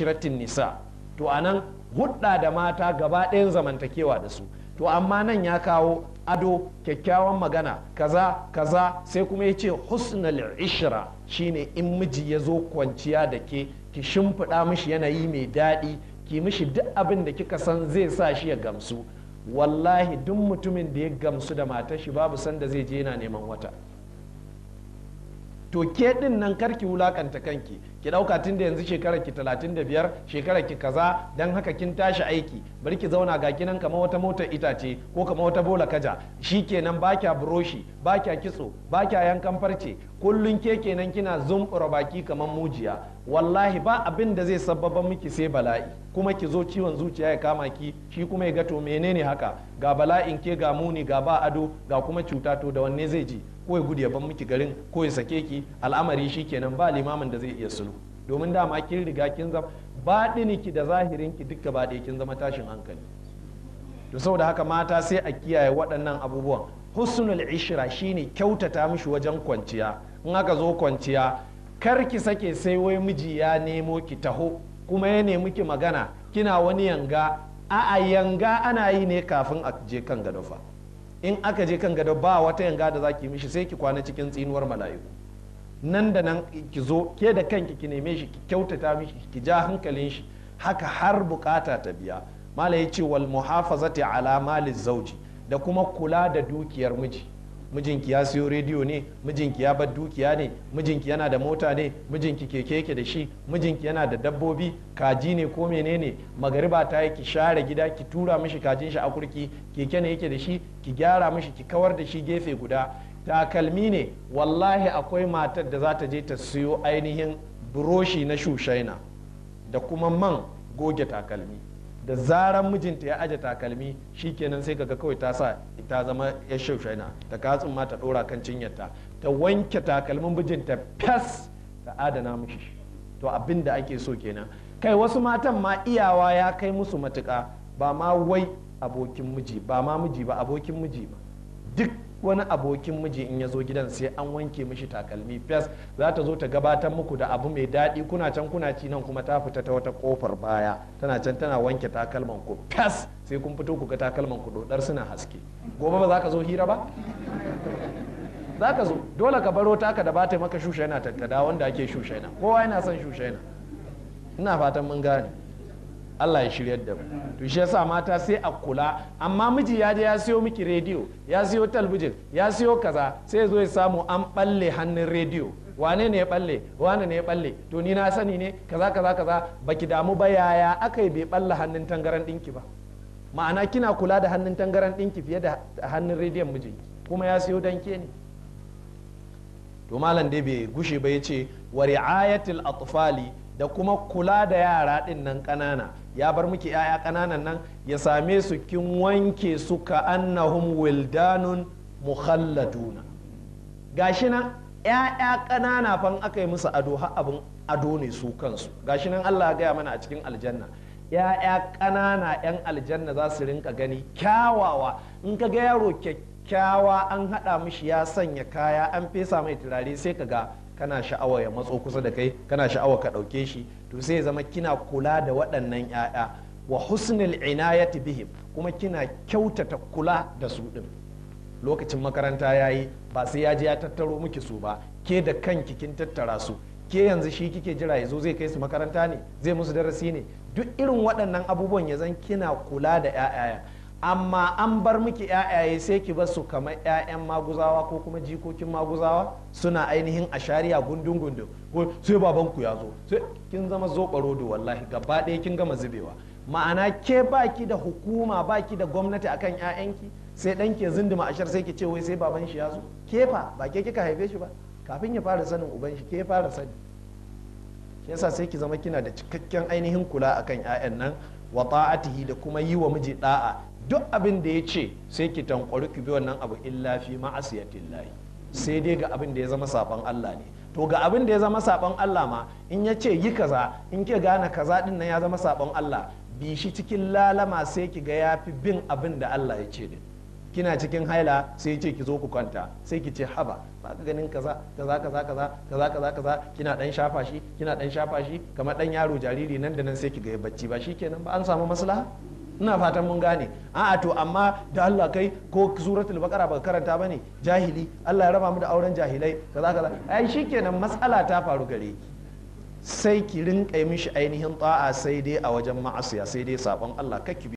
kiratin nisa to anan hudda da mata gaba ɗayan zamantakewa da su to amma nan ya kawo ado kyakkyawan magana kaza kaza sai kuma ya ce husnal ishra shine in miji ya zo kwanciya da ke ki shimfiɗa mishi yanayi mai daɗi ki mishi duk abin da kika san zai sa shi ya gamsu wallahi duk mutumin da ya gamsu da matar shi babu sanda zai je yana neman wata to ke din nan karki wulakanta kanki ki dauka tun da yanzu shekarar ki 35 shekarar ki kaza dan haka kin tashi aiki bari ki zauna ga kinan kamar wata mota itace ko kamar wata bola kaja shikenan ba kya buroshi ba kya kitso ba kya yankan farce kullun ke kenan kina zumbura baki kamar mujiya wallahi ba abin da zai sabbaba miki sai bala'i kuma ki zo ciwon zuciya ya kama ki shi kuma ya ga to menene haka ga bala'in ke ga muni ga ba ado ga kuma cuta to da wanne zai ji ko ya gudu ya ban miki garin ko ya sake ki al'amari shi kenan ba limamin da zai iya sulu domin dama kin riga kin zama baɗini ki da zahirin ki duk gaba kin zama tashin hankali to saboda haka mata sai a kiyaye waɗannan abubuwan husnul ishra shine kyautata mishi wajen kwanciya in aka zo kwanciya kar ki sake sai wai miji ya nemo ki taho kuma ya nemi ki magana kina wani yanga a'a yanga ana yi ne kafin a je kan gadofa in aka je kan gado ba wata yanga da za mishi sai ki kwana cikin tsinuwar mala'iku nan da nan ki zo ke da kanki ki neme shi ki kyautata mishi ki ja hankalin shi haka har bukata ta biya mala ya ce wal muhafazati ala mali zauji da kuma kula da dukiyar miji mijinki ya siyo rediyo ne mijinki ya bar dukiya ne mijinki yana da mota ne mijinki keke yake da shi mijinki yana da dabbobi kaji ne ko menene magariba ta yi ki share gida ki tura mishi kajin shi a kurki keke ne yake da shi ki gyara mishi ki kawar da shi gefe guda takalmi ne wallahi akwai matar da za ta je ta siyo ainihin buroshi na shushaina da kuma man goge takalmi da zaran mijinta ya aje takalmi shi kenan sai kaga kawai ta sa ita zama ya shaushaina ta katsin ma ta dora kan cinyarta ta wanke takalmin mijinta fes ta adana mishi to abin da ake so kenan kai wasu matan ma iyawa ya kai musu matuka ba ma wai abokin miji ba ma miji ba abokin miji ba duk wani abokin miji in ya zo gidan sai an wanke mishi takalmi fes za ta zo ta gabatar muku da abu mai daɗi kuna can kuna ci nan kuma ta fita ta wata kofar baya tana can tana wanke takalman ku fes sai kun fito ku ga takalman ku dodar suna haske gobe ba za ka zo hira ba za ka zo dole ka baro taka da bata maka shushaina tattada wanda ake shushaina kowa yana son shushaina ina fatan mun gane Allah ya shiryar da mu to shi yasa mata sai a kula amma miji ya je ya siyo miki rediyo ya siyo talbijin ya siyo kaza sai zo ya samu an balle hannun rediyo wane ne ya balle wane ne ya balle to ni na sani ne kaza kaza kaza baki damu ba yaya aka bai balle hannun tangaran dinki ba ma'ana kina kula da hannun tangaran dinki fiye da hannun rediyon mijin kuma ya siyo danke ne to malam dai bai gushe ba yace wa ri'ayatil atfali da kuma kula da yara ɗin nan ƙanana ya bar muke 'ya'ya ƙananan nan ya same su kin wanke su ka annahum wildanun mukhalladuna gashi nan 'ya'ya ƙanana fan aka yi musu ado har abin ado ne su kansu gashi nan Allah ya gaya mana a cikin aljanna ‘ya'ya ƙanana ‘yan aljanna za su rinka gani kyawawa in ka ga yaro kyakkyawa Kyawa an haɗa mishi ya sanya kaya an fesa mai turare sai ka ga kana sha'awa ya matso kusa da kai kana sha'awa ka ɗauke shi to sai ya zama kina kula da waɗannan 'ya'ya wa husnul inayati bihim kuma kina kyautata kula da su ɗin lokacin makaranta ya yi ba sai ya je ya tattaro miki su ba ke da kanki kin tattara su ke yanzu shi kike jira ya zai kai su makaranta ne zai musu darasi ne duk irin waɗannan abubuwan ya zan kina kula da 'ya'ya amma an bar miki yayaye sai ki bar su kamar yayan maguzawa ko kuma jikokin maguzawa suna ainihin a shari'a gundun gundun ko sai babanku ya zo sai kin zama zo da wallahi gaba ɗaya kin gama zubewa ma'ana ke baki da hukuma baki da gwamnati akan yayanki sai dan ke zinduma ashar sai ki ce wai sai baban shi ya zo kefa ba ke kika haife shi ba kafin ya fara sanin uban shi ke fara sani shi yasa sai ki zama kina da cikakken ainihin kula akan 'ya'yan nan wa ta'atihi da kuma yi wa miji da'a duk abin da ya ce sai ki tankwari ki bi wannan abu illa fi ma'asiyatillahi sai dai ga abin da ya zama saban Allah ne to ga abin da ya zama saban Allah ma in ya ce yi kaza in ke gane kaza din nan ya zama saban Allah bi shi cikin lalama sai ki ga ya bin abin da Allah ya ce din kina cikin haila sai ce ki zo ku kwanta sai ki ce haba ba ka ganin kaza kaza kaza kaza kaza kaza kaza kina dan shafa shi kina dan shafa shi kamar dan yaro jariri nan da nan sai ki ga bacci ba shikenan ba an samu maslaha ina fatan mun gane a'a to amma da Allah kai ko suratul baqara baka karanta bane jahili Allah ya raba mu da auren jahilai kaza kaza ai shikenan matsala ta faru gare ki sai ki rinka mishi ainihin ta'a sai dai a wajen ma'asiya sai dai sabon Allah kake